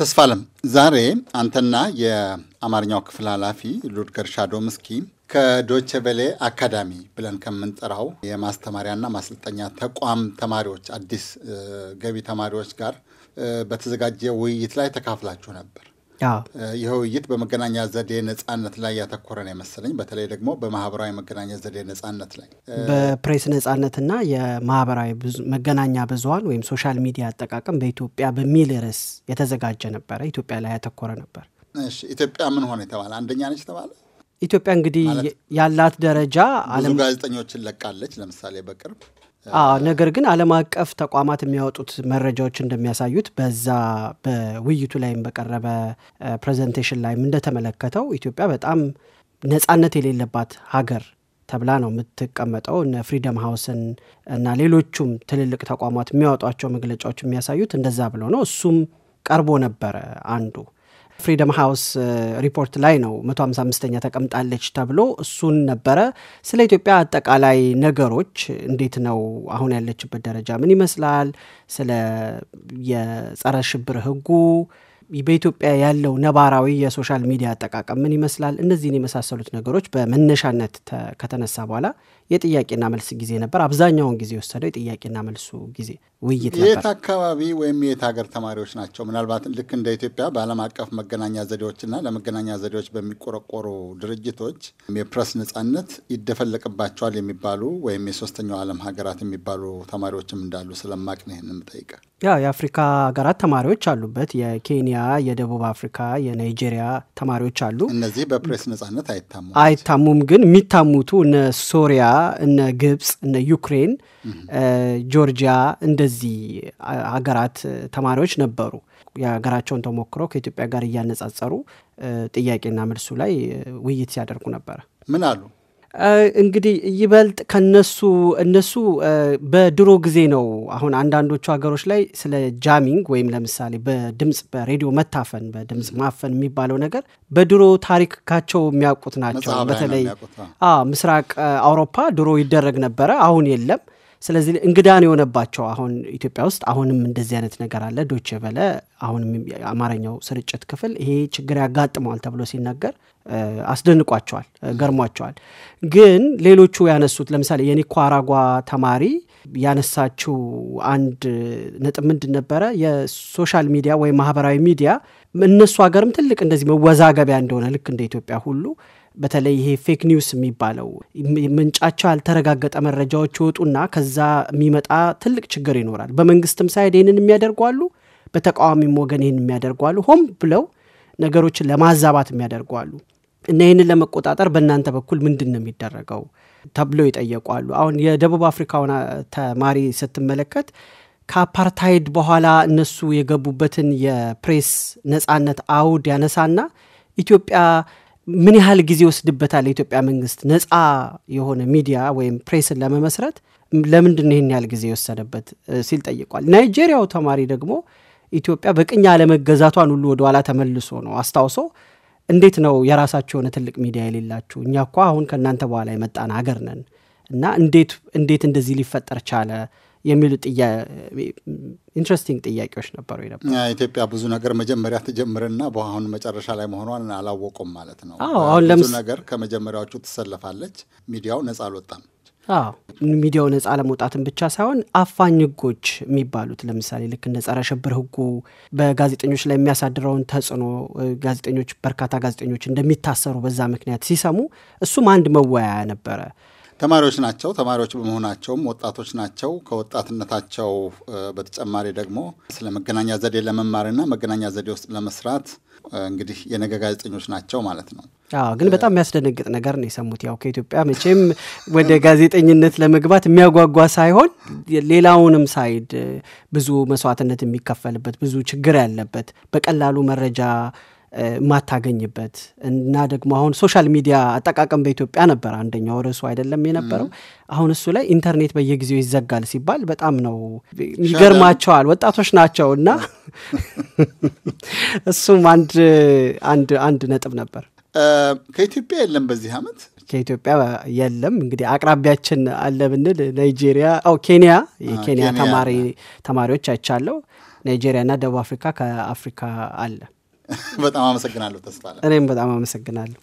ተስፋ አለም ዛሬ አንተና የአማርኛው ክፍል ኃላፊ ሉድገር ሻዶ ምስኪ ቬሌ አካዳሚ ብለን ከምንጠራው የማስተማሪያና ማሰልጠኛ ተቋም ተማሪዎች አዲስ ገቢ ተማሪዎች ጋር በተዘጋጀ ውይይት ላይ ተካፍላችሁ ነበር። ይህ ውይይት በመገናኛ ዘዴ ነጻነት ላይ ያተኮረ ነው የመሰለኝ። በተለይ ደግሞ በማህበራዊ መገናኛ ዘዴ ነጻነት ላይ በፕሬስ ነጻነትና የማህበራዊ መገናኛ ብዙሀን ወይም ሶሻል ሚዲያ አጠቃቀም በኢትዮጵያ በሚል ርዕስ የተዘጋጀ ነበረ። ኢትዮጵያ ላይ ያተኮረ ነበር። ኢትዮጵያ ምን ሆነ የተባለ አንደኛ ነች የተባለ ኢትዮጵያ እንግዲህ ያላት ደረጃ አለም ጋዜጠኞችን ለቃለች። ለምሳሌ በቅርብ ነገር ግን አለም አቀፍ ተቋማት የሚያወጡት መረጃዎች እንደሚያሳዩት በዛ በውይይቱ ላይም በቀረበ ፕሬዘንቴሽን ላይም እንደተመለከተው ኢትዮጵያ በጣም ነጻነት የሌለባት ሀገር ተብላ ነው የምትቀመጠው። እነ ፍሪደም ሀውስን እና ሌሎቹም ትልልቅ ተቋማት የሚያወጧቸው መግለጫዎች የሚያሳዩት እንደዛ ብሎ ነው። እሱም ቀርቦ ነበረ አንዱ ፍሪደም ሃውስ ሪፖርት ላይ ነው 155ኛ ተቀምጣለች ተብሎ እሱን ነበረ። ስለ ኢትዮጵያ አጠቃላይ ነገሮች እንዴት ነው አሁን ያለችበት ደረጃ ምን ይመስላል? ስለ የጸረ ሽብር ህጉ በኢትዮጵያ ያለው ነባራዊ የሶሻል ሚዲያ አጠቃቀም ምን ይመስላል? እነዚህን የመሳሰሉት ነገሮች በመነሻነት ከተነሳ በኋላ የጥያቄና መልስ ጊዜ ነበር። አብዛኛውን ጊዜ የወሰደው የጥያቄና መልሱ ጊዜ ውይይት ነበር። የት አካባቢ ወይም የት ሀገር ተማሪዎች ናቸው? ምናልባት ልክ እንደ ኢትዮጵያ በዓለም አቀፍ መገናኛ ዘዴዎችና ለመገናኛ ዘዴዎች በሚቆረቆሩ ድርጅቶች የፕረስ ነጻነት ይደፈለቅባቸዋል የሚባሉ ወይም የሶስተኛው ዓለም ሀገራት የሚባሉ ተማሪዎችም እንዳሉ ስለማቅ ነው ይህን ምጠይቀ ያ የአፍሪካ ሀገራት ተማሪዎች አሉበት። የኬንያ፣ የደቡብ አፍሪካ፣ የናይጄሪያ ተማሪዎች አሉ። እነዚህ በፕሬስ ነጻነት አይታሙም አይታሙም። ግን የሚታሙቱ እነ ሶሪያ፣ እነ ግብፅ፣ እነ ዩክሬን፣ ጆርጂያ እንደዚህ ሀገራት ተማሪዎች ነበሩ። የሀገራቸውን ተሞክሮ ከኢትዮጵያ ጋር እያነጻጸሩ ጥያቄና መልሱ ላይ ውይይት ሲያደርጉ ነበረ። ምን አሉ? እንግዲህ ይበልጥ ከነሱ እነሱ በድሮ ጊዜ ነው። አሁን አንዳንዶቹ ሀገሮች ላይ ስለ ጃሚንግ ወይም ለምሳሌ በድምፅ በሬዲዮ መታፈን በድምፅ ማፈን የሚባለው ነገር በድሮ ታሪካቸው የሚያውቁት ናቸው። በተለይ ምስራቅ አውሮፓ ድሮ ይደረግ ነበረ፣ አሁን የለም። ስለዚህ እንግዳን የሆነባቸው አሁን ኢትዮጵያ ውስጥ አሁንም እንደዚህ አይነት ነገር አለ። ዶቼ በለ አሁንም የአማርኛው ስርጭት ክፍል ይሄ ችግር ያጋጥመዋል ተብሎ ሲነገር አስደንቋቸዋል፣ ገርሟቸዋል። ግን ሌሎቹ ያነሱት ለምሳሌ አራጓ ተማሪ ያነሳችው አንድ ነጥብ ምንድን ነበረ? የሶሻል ሚዲያ ወይም ማህበራዊ ሚዲያ እነሱ ሀገርም ትልቅ እንደዚህ መወዛገቢያ እንደሆነ ልክ እንደ ኢትዮጵያ ሁሉ በተለይ ይሄ ፌክ ኒውስ የሚባለው ምንጫቸው ያልተረጋገጠ መረጃዎች ይወጡና ከዛ የሚመጣ ትልቅ ችግር ይኖራል። በመንግስትም ሳይድ ይህንን የሚያደርጓሉ፣ በተቃዋሚም ወገን ይህን የሚያደርጓሉ። ሆም ብለው ነገሮችን ለማዛባት የሚያደርጓሉ። እና ይህንን ለመቆጣጠር በእናንተ በኩል ምንድን ነው የሚደረገው ተብለው ይጠየቋሉ። አሁን የደቡብ አፍሪካውን ተማሪ ስትመለከት ከአፓርታይድ በኋላ እነሱ የገቡበትን የፕሬስ ነጻነት አውድ ያነሳና ኢትዮጵያ ምን ያህል ጊዜ ይወስድበታል የኢትዮጵያ መንግስት ነፃ የሆነ ሚዲያ ወይም ፕሬስን ለመመስረት ለምንድን ነው ይህን ያህል ጊዜ የወሰደበት ሲል ጠይቋል። ናይጄሪያው ተማሪ ደግሞ ኢትዮጵያ በቅኝ አለመገዛቷን ሁሉ ወደኋላ ተመልሶ ነው አስታውሶ እንዴት ነው የራሳቸው የሆነ ትልቅ ሚዲያ የሌላችሁ? እኛ እኳ አሁን ከእናንተ በኋላ የመጣን ሀገር ነን እና እንዴት እንደዚህ ሊፈጠር ቻለ የሚሉ ኢንትረስቲንግ ጥያቄዎች ነበሩ ኢትዮጵያ ብዙ ነገር መጀመሪያ ትጀምርና በአሁን መጨረሻ ላይ መሆኗን አላወቁም ማለት ነው። ብዙ ነገር ከመጀመሪያዎቹ ትሰለፋለች። ሚዲያው ነጻ አልወጣም። ሚዲያው ነጻ ለመውጣትን ብቻ ሳይሆን አፋኝ ህጎች የሚባሉት ለምሳሌ ልክ እንደ ጸረ ሽብር ህጉ በጋዜጠኞች ላይ የሚያሳድረውን ተጽዕኖ ጋዜጠኞች በርካታ ጋዜጠኞች እንደሚታሰሩ በዛ ምክንያት ሲሰሙ እሱም አንድ መወያያ ነበረ። ተማሪዎች ናቸው። ተማሪዎች በመሆናቸውም ወጣቶች ናቸው። ከወጣትነታቸው በተጨማሪ ደግሞ ስለ መገናኛ ዘዴ ለመማርና መገናኛ ዘዴ ውስጥ ለመስራት እንግዲህ የነገ ጋዜጠኞች ናቸው ማለት ነው። ግን በጣም የሚያስደነግጥ ነገር ነው የሰሙት። ያው ከኢትዮጵያ መቼም ወደ ጋዜጠኝነት ለመግባት የሚያጓጓ ሳይሆን ሌላውንም ሳይድ ብዙ መስዋዕትነት የሚከፈልበት ብዙ ችግር ያለበት በቀላሉ መረጃ ማታገኝበት እና ደግሞ አሁን ሶሻል ሚዲያ አጠቃቀም በኢትዮጵያ ነበር አንደኛው ርዕሱ አይደለም የነበረው። አሁን እሱ ላይ ኢንተርኔት በየጊዜው ይዘጋል ሲባል በጣም ነው ይገርማቸዋል ወጣቶች ናቸው እና እሱም አንድ አንድ አንድ ነጥብ ነበር። ከኢትዮጵያ የለም በዚህ አመት ከኢትዮጵያ የለም። እንግዲህ አቅራቢያችን አለ ብንል ናይጄሪያ፣ ኬንያ የኬንያ ተማሪዎች አይቻለው። ና ደቡብ አፍሪካ ከአፍሪካ አለ። በጣም አመሰግናለሁ ተስፋ። እኔም በጣም አመሰግናለሁ።